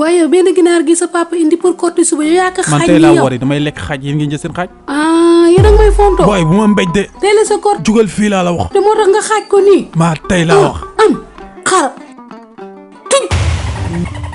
waaye yow benn ginaar gi sa papa indi pour corti suba yow yaa ko xaaj. man tey laa damay lekk xaaj yéen ngeen jël seen xaaj. ah yéen a may fontoo. waaye bu ma mbéj de. tey la sa kort jugal fii laa la wax. te moo tax nga xaaj ko nii. maa tey laa ah, wax am xar tuñ.